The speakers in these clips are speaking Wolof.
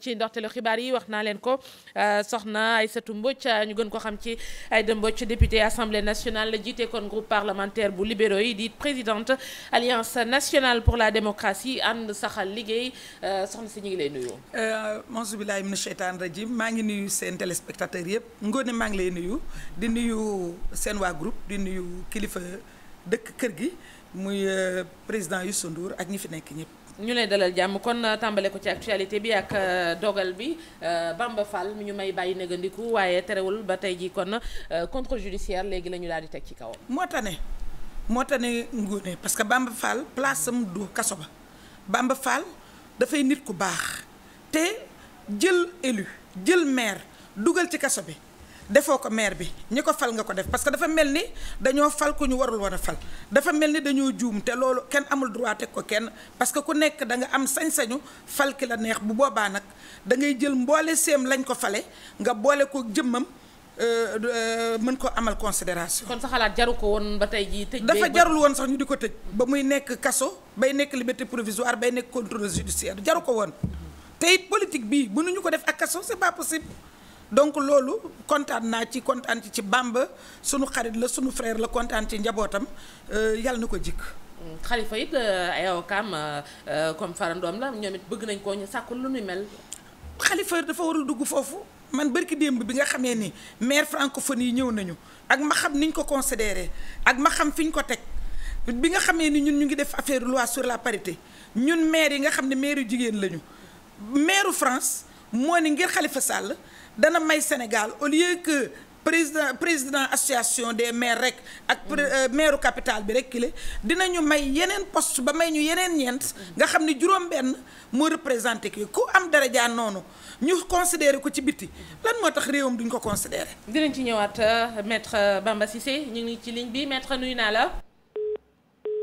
ci ndorteelu xibaar yi wax naa leen ko euh, soxna ay Aïssatou Mbodj euh, ñu gën ko xam ci Aïda Mbodj député assemblée nationale jiite kon groupe parlementaire bu libéro yi di présidente alliance nationale pour la démocratie ànd saxal liggéey euh, soxna si ñu ngi lay nuyu. Auzu billaahi mina sheytaani rajim maa ngi nuyu seen téléspectateurs yëpp ngoone maa ngi lay nuyu di nuyu seen waa groupe di nuyu kilifa dëkk kër gi muy président Youssou Ndour ak ñi fi nekk ñëpp. ñu lay dalal jàmm kon euh, tàmbale ko ci actualité bi ak euh, dogal bi euh, Bamba Fall mu ñu may bàyyi négandiku waaye terewul ba tey ji kon contre judiciaire léegi la ñu daal di teg ci kawam. moo tax ne moo tax ne Ngoné parce que Bamba Fall place am du kaso ba Bamba Fall dafay nit ku baax te jël élu jël maire dugal ci kaso bi. defoo ko maire bi ñi ko fal nga ko def parce que dafa mel ni dañoo fal ku ñu warul war a fal dafa mel ni dañoo juum te loolu kenn amul droit teg ko kenn parce que ku nekk da nga am sañ-sañu fal ki la neex bu boobaa nag da ngay jël mboole seem lañ ko fale nga boole ko jëmmam euh, euh, mën ko amal considération kon sa xalaat jaru ko woon ba tey jii tëj dafa jarul woon sax ñu di ko tëj ba muy nekk kaso bay nekk liberté provisoire bay nekk contrôle judiciaire jaru ko woon te it politique bii ñu ko def ak kaso c'est pas possible donc loolu kontaan naa ci kontaan ci Bamba sunu xarit la sunu frère la kontaan ci njabootam euh, yàlla na ko jikk mm, xalifa it euh, yow kam euh, comme farandoom la ñoom it bëgg nañ koo ñu sàkku lu nu mel xalifa dafa warul dugg foofu man bërki démb bi nga xamee ni maire francophone yi ñëw nañu ak ma xam ko considéré ak ma fi ñu ko teg bi nga xamee ni ñun ñu ngi def affaire loi sur la parité ñun maire yi nga xam ne maire yu jigéen lañu maire France moo ni ngir xalifa sàll dana may Sénégal au lieu que président président association des maires rek ak mm. euh, maire capital bi rek dina dinañu may yeneen poste ba may ñu yeneen ñeent mm. nga xam ni juróom-benn moo représenté kii ku am darajaa noonu ñu considéré ko ci biti lan moo tax réewam duñ ko considéré dinañ ci ñëwaat euh, maître euh, Bamba Cissé ñu ngi ci ligne bi maître nuyu naa la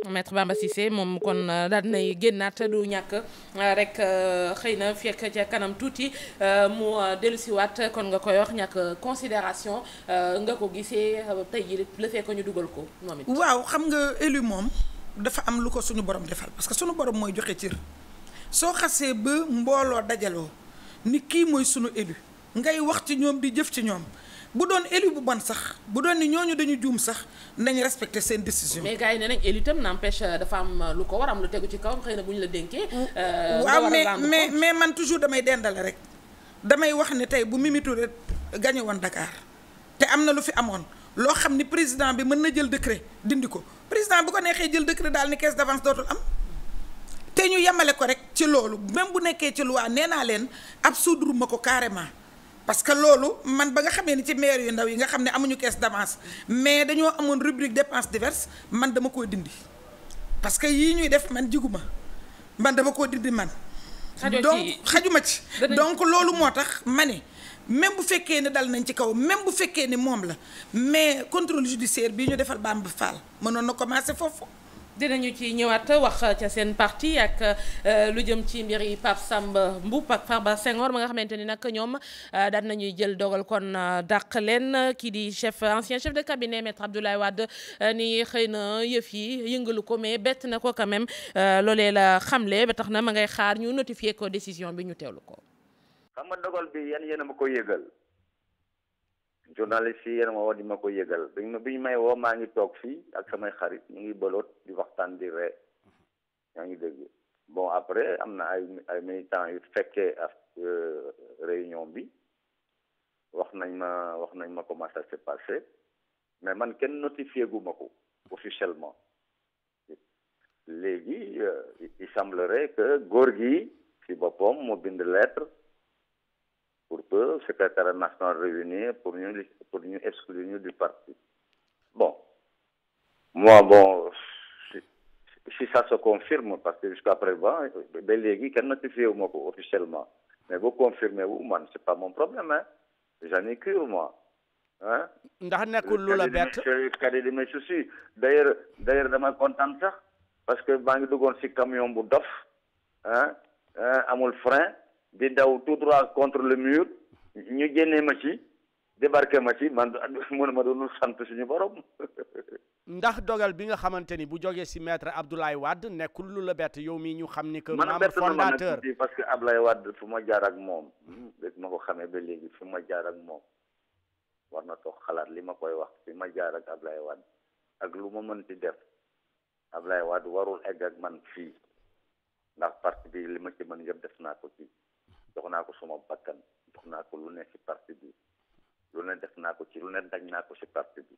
maître Bamba Cissé moom kon euh, daal nay génnaat du ñàkk euh, rek euh, xëy na fekk ca kanam tuuti mu dellusiwaat kon nga koy wax ñàkk considération nga ko gisee tey jii la fekk ñu dugal ko moom it. waaw xam nga élu moom dafa am lu ko suñu borom defal parce que suñu borom mooy joxe cër soo xasee ba mbooloo dajaloo ni kii mooy suñu élu ngay wax ci ñoom di jëf ci ñoom. bu doon élu bu bon sax bu doon ni ñooñu dañu juum sax nañu respecté seen décision. mais gars yi ne nañ élu itam n'empêche euh, dafa am euh, lu ko war am lu tegu ci kaw xëy na bu ñu la dénkee. Euh, waaw mais mais mais man toujours damay dendale rek damay wax ne tey bu Mimi Touré gagné woon Dakar te am na lu fi amoon loo xam ni président bi mën na jël décret dindi ko président bu ko neexee jël décret daal ni caisse d'avance dootul am. te ñu yemale ko rek ci loolu même bu nekkee ci loi nee naa leen absoudre ma ko carrément. parce que loolu man ba nga xamee ni ci maire yu ndaw yi nga xam ne amuñu caisse d'avance mais dañoo amoon rubrique dépenses diverses man dama koo dindi parce que yii ñuy def man jiguma man dama koo dindi man donc xajuma ci donc loolu moo tax ma ne même bu fekkee ne dal nañ ci kaw même bu fekkee ne moom la mais contrôle judiciaire bii ñu defal Bamba Fall mënoon na commencé foofu dinañu ci ñëwaat wax ca seen parti ak euh, lu jëm ci mbir yi Pape Samba Mboup ak Farba Senghor ma nga xamante ni nag ñoom euh, daan nañuy jël dogal kon euh, daq leen kii di chef ancien chef de cabinet maître Abdoulaye Wade ni xëy na yëf yi yëngalu ko mais bett na ko quand même loolee la xamle ba tax na ma ngay xaar ñu notifier ko décision bi ñu teewlu ko. xam nga dogal bi yan yéen ma ko yëgal. journaliste yi yéen ma woo di ma ko yëgal biñ ma biñ may woo maa ngi toog fii ak samay xarit mu ngi bëloot di waxtaan di ree yaa ngi dégg bon après am na ay ay militants yu fekkee ak euh, réunion bi wax nañ ma wax nañ ma comment ça s'est passé mais man kenn notifié gu ma ko officiellement léegi euh, il semblerait que góor gi ci boppam moo bind lettre pour que secrétaire national réuni pour ñu pour ñu exclure ñu du parti bon moi bon si, sa ça se confirme parce que jusqu'à présent ba léegi kenn notifié wu ma ko officiellement mais bu confirmé wu man c'est pas mon problème hein j'en ai cure moi ah. ndax nekkul lu la bett cadet de mes soucis d'ailleurs d'ailleurs dama kontaan sax parce que maa ngi duggoon si camion bu dof amul frein. di daw tout droit contre le mur ñu génnee ma ci débarqué ma ci man mun ma doon sant suñu borom. ndax dogal bi nga xamante ni bu jógee si maître Abdoulaye Wade nekkul lu la bett yow mii ñu xam ni que. membre fondateur man parce que Abdoulaye Wade fu ma jaar ak moom. léegi hmm, ma ko xamee ba léegi fu ma jaar ak moom war na toog xalaat li ma koy wax fi ma jaar ak Abdoulaye Wade ak lu ma mën ci def Abdoulaye Wade warul egg man fii ndax parti bi li ma ci mën yëpp def naa ko ci jox naa ko suma bakkan jox naa ko lu ne ci parti bi lu ne def naa ko ci lu ne naa ko si parti bi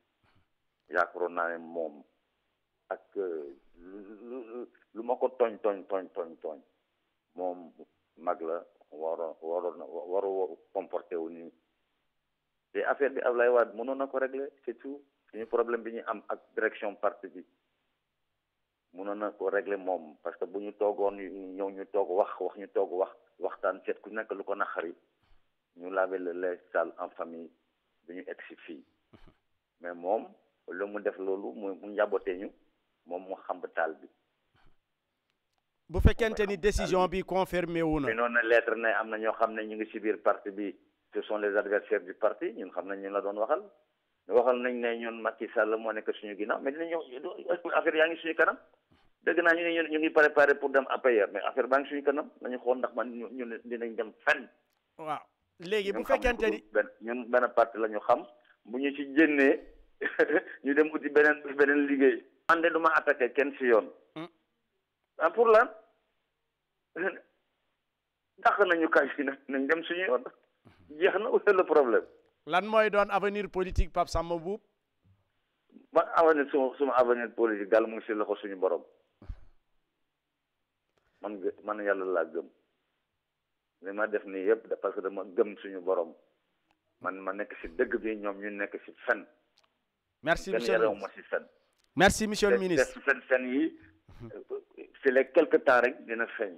yaakaaroon naa moom ak euh, lu lu ma ko tooñ tooñ tooñ tooñ tooñ moom mag la waroon waroon waru comporté wu nii te affaire bi Ablaye Wade mënoon na ko régler c'est tout suñu problème bi ñu am ak direction parti bi mënoon na ko régler moom parce que bu ñu toogoon ñëw ñu toog wax wax ñu toog wax waxtaan seet ku nekk lu ko naqari ñu laver les salles en famille du ñu egg si fii mais moom lu mu def loolu mu mu njabootee ñu moom mu xam taal bi. bu fekkente ni décision bi confirmé wu na. noonu lettre ne am na ñoo xam ne ñu ngi ci biir parti bi ce son les adversaires du parti ñun xam nañ ñu la doon waxal waxal nañ ne ñun Macky Sall moo nekk suñu ginnaaw mais dinañ ñëw yaa ngi suñu kanam. dëgg naa ñu ne ñu ngi préparé pour dem APR mais affaire baa ngi suñu kanam nañu xool ndax man ñu ñu dinañ dem fenn. waaw léegi bu fekkente ni ñun benn parti la ñu xam bu ñu ci génnee ñu dem uti beneen beneen liggéey. man de du ma attaqué kenn si yoon. Hmm. ah pour lan dàq nañu kaay fii dem suñu yoon jeex na wala le problème. lan mooy doon avenir politique Pape Samba Mboup. man avenir suma suma avenir politique daal mu ngi si loxo suñu borom. man man yàlla laa gëm li ma def nii yëpp parce que dama gëm suñu borom man ma nekk si dëgg bi ñoom ñu nekk si fen. merci monsieur le ministre si fen. merci monsieur le ministre fen fen yi. Euh, euh, si les quelque temps rek dina feeñ.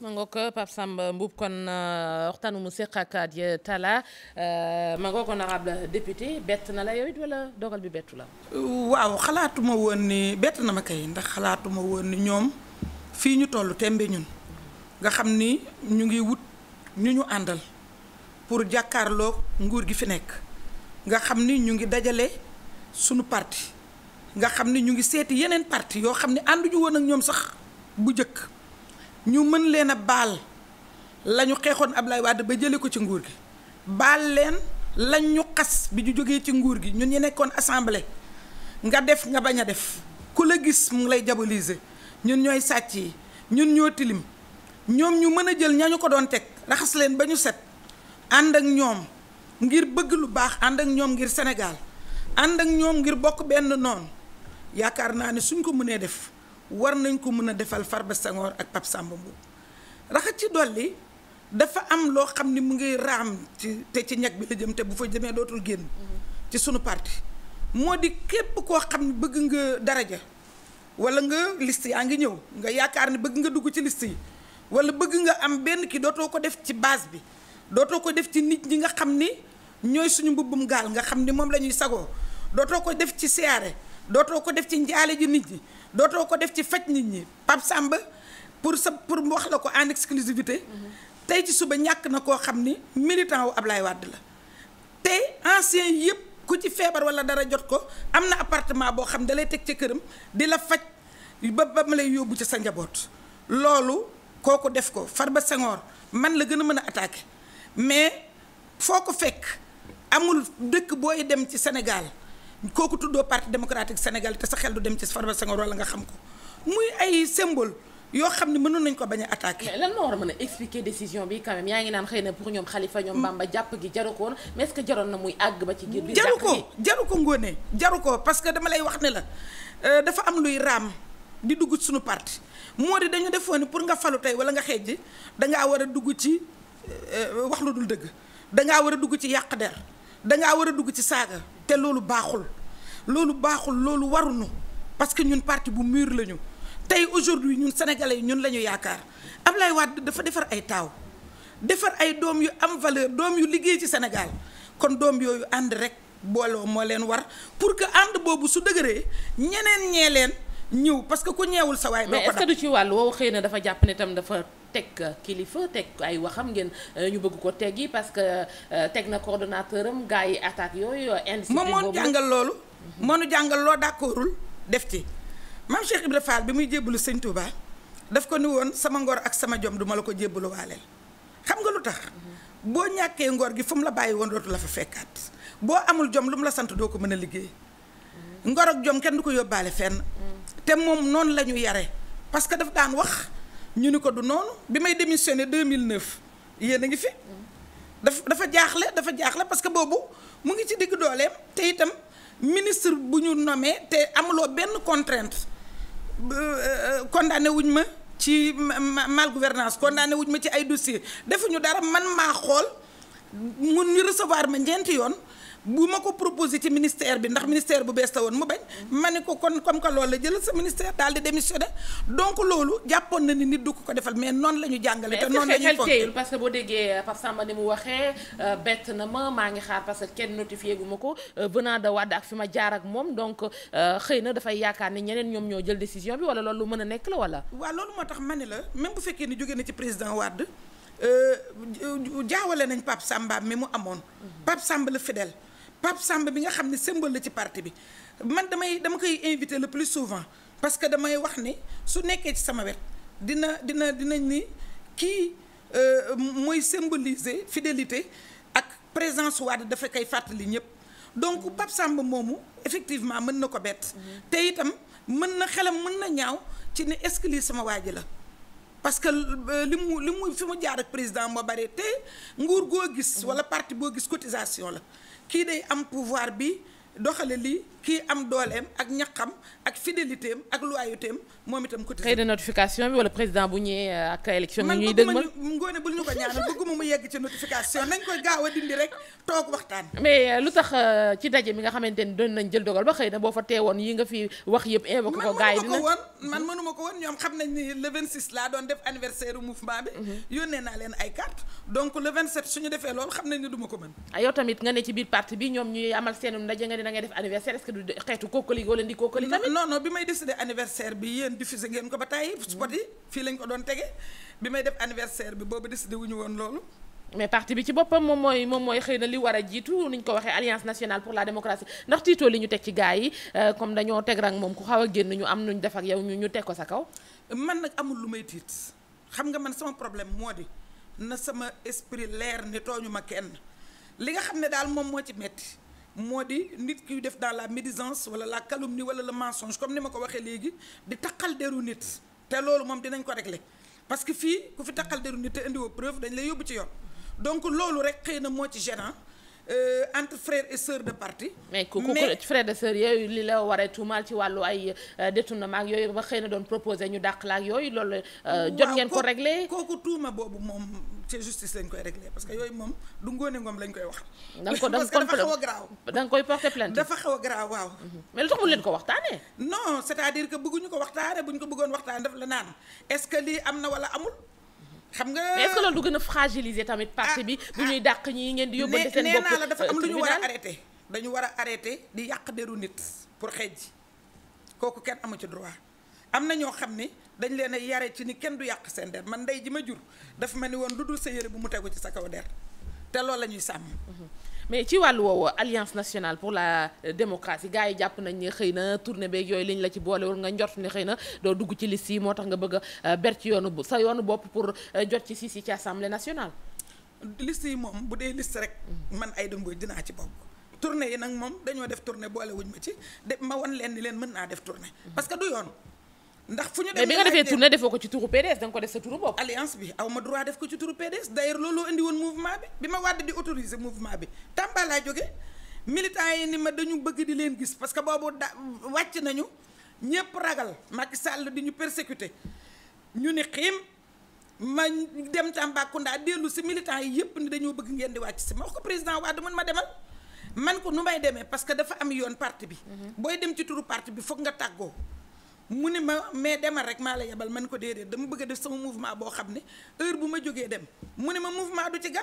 ma ngoog Pape Samba Mboup kon euh, waxtaanu mu seq ak Adja Talla euh, ma ngoog honorable député bett na la yow it wala dogal bi bettu la. Euh, waaw xalaatuma woon ni bett na ma kay ndax xalaatuma woon ni ñoom fii ñu toll tembe ñun nga xam ni ñu ngi wut ñu ñu àndal pour jàkkaarloo nguur gi fi nekk nga xam ni ñu ngi dajale sunu parti nga xam ni ñu ngi seeti yeneen parti yoo xam ni ànduñu woon ak ñoom sax bu jëkk ñu mën leen a baal la ñu xeexoon lay Wade ba jëlee ko ci nguur gi baal leen lañ ñu xas bi ñu jógee ci nguur gi ñu ñu nekkoon assemblée nga def nga bañ a def ku la gis mu lay diaboliser ñun ñooy sàcc yi ñun ñoo tilim ñoom ñu mën a jël ñañu ko doon teg raxas leen ba ñu set ànd ak ñoom ngir bëgg lu baax ànd ak ñoom ngir Sénégal ànd ak ñoom ngir bokk benn noonu yaakaar naa ne suñ ko mënee def war nañ ko mën a defal Farba Senghor ak Pape Samba Mboup raxas ci dolli dafa am loo xam ni mu ngi raam te ci ñag bi la jëm te bu fa jëmee dootul génn ci sunu parti moo di képp koo xam ne bëgg nga daraja wala nga liste yaa ngi ñëw nga yaakaar ne bëgg nga dugg ci liste yi wala bëgg nga am benn ki dootoo ko def ci base bi dootoo ko def ci nit ñi nga xam ni ñooy suñu mbubbum gaal nga xam ni moom la ñuy sagoo dootoo ko def ci siyaare dootoo ko def ci njaale ju nit ñi dootoo ko def ci faj nit ñi Pape Samba pour sa pour mu wax la ko en exclusivité tey ci suba ñàkk na koo xam ni militant wu Ablaye Wade la te ancien yëpp ku ci feebar wala dara jot ko am na appartement boo xam da lay teg ci këram di la faj ba ba ma lay yóbbu ci sa njaboot loolu kooku def ko far ba Senghor man la gën a mën a attaqué mais foo ko fekk amul dëkk booy dem ci Sénégal kooku tuddoo parti démocratique sénégalais te sa xel du dem ci Farba Senghor wala nga xam ko muy ay symbole yoo xam ne mënoon nañ ko bañ a attaqué. mais lan a mën a décision bi quand même ngi naan xëy na pour ñoom xalifa ñoom hmm. Bamba jàpp gi jaru ko woon mais est jaroon na muy àgg ba ci. biir jaru ko jaru ko ngóone jaru ko parce que dama lay wax ne la euh, dafa am luy ràmm di dugg suñu parti moo di dañu defoon ni pour nga falu tey wala nga xeej dangaa war a dugg ci euh, wax lu dul dëgg dangaa war a dugg ci yàq der dangaa war a dugg ci saaga. te loolu baaxul loolu baaxul loolu waruñu parce que ñun parti bu mûr la ñu tey aujourd'hui ñun sénégalais yi ñun la ñu yaakaar Ablaye Wade dafa defar ay taaw defar ay doom yu am valeur doom yu liggéey ci Sénégal kon doom yooyu ànd rek booloo moo leen war pour que ànd boobu su dëgëree ñeneen ñee leen ñëw parce que ku ñeewul sa waay. doo ko mais est ci wàll woowu xëy na dafa jàpp ne tam dafa. teg kilifa teg ay waxam ngeen euh, ñu bëgg ko teggi parce que euh, teg na coordonnateur am gars yi attaque yooyu. Euh, indiscipline moom moo jàngal loolu. moo mhm. nu jàngal loo d'accordul def ci maam Cheikh Ibra Fall bi muy jébbalu sëñ Touba daf ko ni woon sama ngor ak sama jom duma la ko jébbalu waaleel xam nga lu tax. Mhm. boo ñàkkee ngor gi fu mu la bàyyi woon dootu la fa fekkaat boo amul jom lu mu la sant doo ko mën a liggéey mhm. ngor ak jom kenn du ko yóbbaale fenn. te moom noonu la ñu ñu ni ko du noonu bi may démissionné 2009 yéen a ngi fi. daf dafa jaaxle dafa jaaxle parce que boobu mu ngi ci digg dooleem te itam ministre bu ñu nommé te amuloo benn contrainte euh, euh, condamné wuñ ma ci mal gouvernance condamné wuñ ma ci ay dossier defuñu dara man maa xool mun ñu recevoir ma ñeenti yoon. bu ma ko proposé ci ministère bi ndax ministère bu bees la woon mu bañ. ma ne ko kon comme que loolu la jëlal sa ministère daal di démissionné donc loolu jàppoon na ni nit du ko defal mais noon la ñu jàngale. te noonu la que boo déggee euh, Pape Samba ni mu waxee euh, bett na ma maa ngi xaar parce que kenn notifié gu ma ko euh, venant ak fi ma jaar ak moom donc xëy na dafay yaakaar ni ñeneen ñoom ñoo jël décision bi wala loolu mën a nekk la wala. waaw loolu moo tax ma ne la mem bu fekkee ni jóge na ci président Wade jaawale nañ Pape Samba mi mu amoon. Mm-hmm. Pape Samba la fidèle. Pape sàmba bi nga xam ne symbole la ci parti bi man damay dama koy invité le plus souvent parce que damay wax ni su nekkee ci sama wet dina dina dinañ ni kii euh, mooy symboliser fidelité ak présence Wade dafa koy fàttali ñëpp donc Pape Samba moomu effectivement mën na ko bett mm-hmm. te itam mën na xelam mën na ñaaw ci ne est-ce que sama waa ji la parce que euh, li mu li mu fi mu jaar ak président moo bare te nguur goo gis mm-hmm. wala parti boo gis cotisation la kii day am pouvoir bi doxale lii kii am dooleem ak ñaqam ak fidélitéem ak loyautéem moom itam côté. xëy na notification bi wala président bu ñëwee euh, ak élection bi ñuy dëgmal man a dindi rek toog euh, tax euh, ci daje nga xamante ni nañ jël dogal ba xëy na boo fa teewoon yi nga fi wax yëpp invoqué ko gars yi dina man mënu ko woon ñoom xam nañ ni le 26 laa doon def anniversaire mouvement bi. Mhm. yónnee naa leen ay carte donc le 27 suñu defee loolu xam nañ ni du ko mën. Ah, yow tamit nga ne ci biir parti bi ñoom ñuy amal seen ndaje nga ne da def anniversaire est-ce que du xeetu kookali wala ndi kookali tamit non non bi may décidé anniversaire bi yéen diffusé ngeen ko ba tàyyi spot fii lañ ko doon tege bi may def anniversaire bi boobu décidé wuñu woon loolu mais parti bi ci boppam moom mooy moom mooy xëy na li war a jiitu ni ñu ko waxee alliance nationale pour la démocratie ndax tiitoo li ñu teg ci gars yi euh, comme dañoo teg rang moom ku xaw a génn ñu am ñu def ak yow ñu ñu teg ko sa kaw. man amul lu may tiit xam nga man sama problème moo di na sama esprit leer ni tooñu ma kenn li nga xam ne daal moom moo ci metti moo di nit kuy def dans la médisance wala la calomnie wala le mensonge comme ni ma ko waxee léegi di taqal deru nit te loolu moom dinañ ko regle parce que fii ku fi taqal deru nit te indiwoo preuve dañ lay yóbbu ci yoon donc loolu rek xëy na moo ci gênant euh, entre frères et sœurs de parti. mais ku ku de sœurs yooyu li la waree tuumaal ci wàllu ay euh, détournement ak yooyu ba xëy na doon proposé ñu dàq la yooyu loolu. Euh, jot ngeen ko réglé kooku tuuma boobu moom. ce justice lañ koy réglé parce que yooyu moom du ngóone ngoom lañ koy wax. da nga ko dafa xaw a koy porter dafa xaw a waaw. mais lu mu leen ko waxtaanee. non c'est-à-dire que bëgguñu ko waxtaanee buñ ko bëggoon waxtaanee daf la naan est-ce que lii am na wala amul. xam nga mais est-ce que loolu du gën a fragiliser tamit parti bi bu ah, ñuy ah. dàq ñii ngeen di yóbbante seen bopp nee naa la dafa am lu ñu war a arrêté dañu war a arrêté di yàq deru nit pour xeej kooku kenn amu ci droit am na ñoo xam ne dañu leen a yare ci ni kenn du yàq seen der man ndey ji ma jur dafa mel ni woon lu dul sa yére bu mu tegu ci sa kaw der te loolu la ñuy sàmm. Mm-hmm. mais ci wàllu woowu alliance nationale pour la euh, démocratie gars yi jàpp nañ ne xëy na tournée beeg yooyu liñ la ci boolewul nga njort ne xëy na doo dugg ci liste yi moo tax nga bëgg a euh, ber ci yoonu sa yoonu bopp pour euh, jot ci siis yi ci assemblée nationale. liste yi moom bu dee liste rek. Mm-hmm. man ay dëngoy dinaa ci bokk. tournée yi nag moom dañoo def tournée boolewuñ ma ci de leen ni mën naa def tournée. Mm-hmm. parce que du yoon. ndax fu ñu demee mais bi nga defee tournée defoo ko ci turu PDS da ko def sa turu bopp. alliance bi aw ma droit def ko ci turu PDS d'ailleurs looloo indi woon bi bi ma wàdd di autoriser mouvement bi Tamba laa jógee militants yi ni ma dañu bëgg di leen gis parce que boobu da wàcc nañu ñëpp ragal mag sàll di ñu persécuté ñu ni xiim ma dem Tambacounda dellu si militants yi yëpp ni dañoo bëgg ngeen di wàcc si ma ko président Wade mën ma demal man ko nu may demee parce que dafa am yoon parti bi. Mhm. booy dem ci turu parti bi foog nga tàggoo. mu ne ma mais demal rek maa la yebal man ko déedéet dama bëgg def sama mouvement boo xam ne heure bu ma jógee dem mu ne ma mouvement du ci gan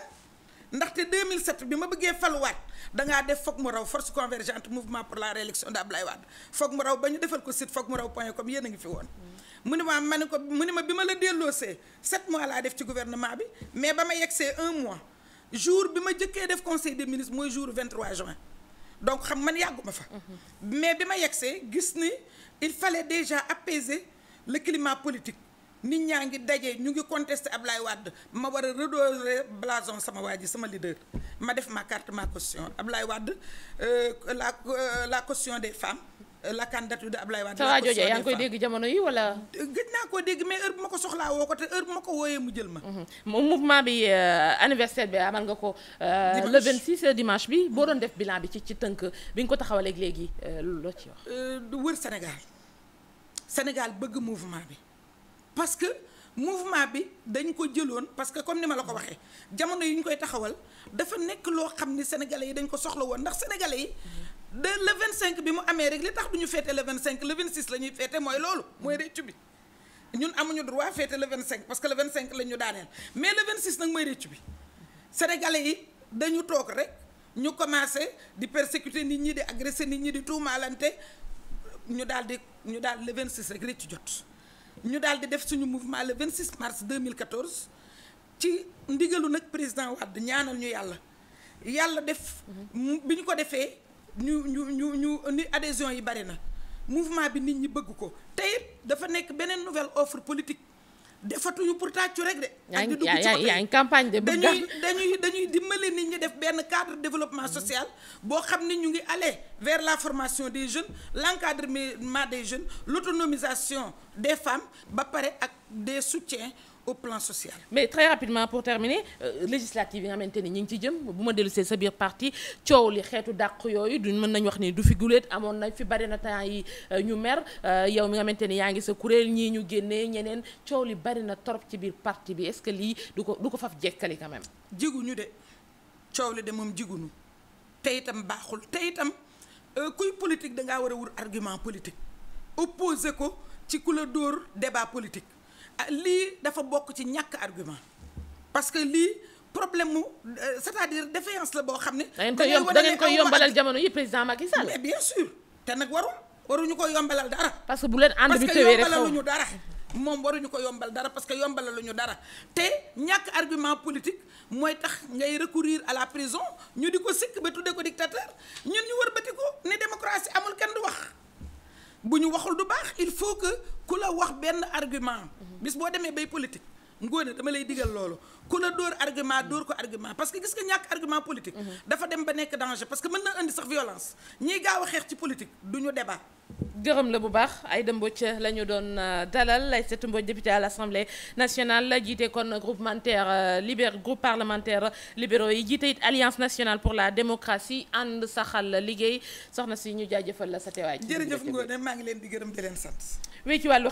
ndaxte 2007 bi ma bëggee faluwaat dangaa def foog mu raw force convergente mouvement pour la réélection d'Abdoulaye Wade foog mu raw ba ñu defal ko site foog mu raw point com yéen a ngi fi woon. mu ne ma ma ne ko mu ne ma bi ma la delloosee 7 mois laa def ci gouvernement bi mais ba ma yegsee un mois jour bi ma jëkkee def conseil des ministres mooy jour 23 juin. donc xam man yàgguma fa. mais bi ma yegsee gis ni il fallait déjà apaiser le climat politique nit ñaa ngi daje ñu ngi ab Ablaye Wade ma war a redorer blason sama waa ji sama leader ma def ma carte ma caution Ablaye Wade euh, la euh, la caution des femmes. la candidature de Ablaye Wade. yaa ngi koy dégg jamono yi wala. gëj naa koo dégg mais heure bu ma ko soxlaa woo ko te heure bu ma ko wooyee mu jël ma. Mhm. mouvement bi euh, anniversaire bi amal nga ko. Euh, le 26 euh, dimanche bi boo doon def bilan bi ci ci tënk bi ñu ko taxawalee léegi loo ci wax. du wër Sénégal Sénégal bëgg mouvement bi parce que. mouvement bi dañ ko jëloon parce que comme ni ma la ko waxee jamono yi ñu koy taxawal dafa nekk loo xam ni sénégalais yi dañ ko soxla woon ndax sénégalais yi mhm. de le 25 bi mu amee rek li tax du ñu féete le 25 vingt 26 la ñuy féete mooy loolu mooy réccu bi ñun amuñu droit féete vingt cinq parce que le 25 la ñu daaneel mais le 26 nag mooy réccu bi sénégalais yi dañu toog rek ñu commencé di persécuter nit ñi di agresser nit ñi di tuumaalante ñu daal di ñu daal le 26 rek réccu jot. ñu daal di def suñu mouvement le 26 mars 2014 ci ndigalu nag président Wade ñaanal ñu yàlla yàlla def. ñu ko defee. ñu ñu ñu ñu ni adhésion yi bari na mouvement bi nit ñi bëgg ko te dafa nekk beneen nouvelle offre politique defatuñu pour tàccu rek de. ak di dugg ci yaa ngi campagne de dañuy dañuy dañuy dimbale nit ñi def benn cadre développement mm-hmm. social boo xam ni ñu ngi aller vers la formation des jeunes l'encadrement des jeunes l'autonomisation des femmes ba pare ak des soutiens. au plan social. mais très rapidement pour terminer euh, yi nga xamante ni ñu ngi ci jëm bu ma dellusee sa biir parti coow li xeetu dàq yooyu du mën nañu wax ni du fi guléet amoon na fi bari na temps yi euh, ñu mer euh, yow mi nga xamante ni yaa ngi sa kuréel ñii ñu génnee ñeneen coow li bari na torop ci biir parti bi est-ce que lii du ko du ko faf jekkali quand même. jiguñu de coow li de moom jiguñu te itam baaxul te itam euh, kuy politique dangaa war a wut argument politique opposé ko ci ku la dóor politique. Ah, lii dafa bokk ci ñàkk argument parce que lii problème mu euh, c'est-à-dire défaillance la boo xam ne. da ngeen koy yombalal jamono yi président Macky Sall. mais bien sûr te nag waru waruñu ko yombalal dara. parce que bu leen ànd bi tëwee rek yombalaluñu dara. moom waruñu ko yombal dara parce que yombalaluñu dara te ñàkk argument politique mooy tax ngay recourir à la prison ñu di ko sikk ba tuddee ko dictateur ñun ñu wërbati ko ne démocratie amul kenn du wax bu ñu waxul du baax il faut que. ku la wax benn argument bis boo demee bay politique ngóone dama lay digal loolu ku la dóor argument dóor ko argument parce que gis nga ñàkk argument politique mhm. dafa dem ba nekk danger parce que mën na indi sax violence ñiy gaaw a xeex ci politique du ñu débat gërëm la bu baax Aïda Mbodj la ñu doon euh, dalal Aïssatou Mbodj député à l'Assemblée nationale jiite kon groupementaire euh, libér groupe parlementaire libéraux yi jiite it alliance nationale pour la démocratie ànd saxal liggéey soxna si ñu jaajëfal la sa teewaay jërëjëf Ngoné maa ngi leen di gërëm di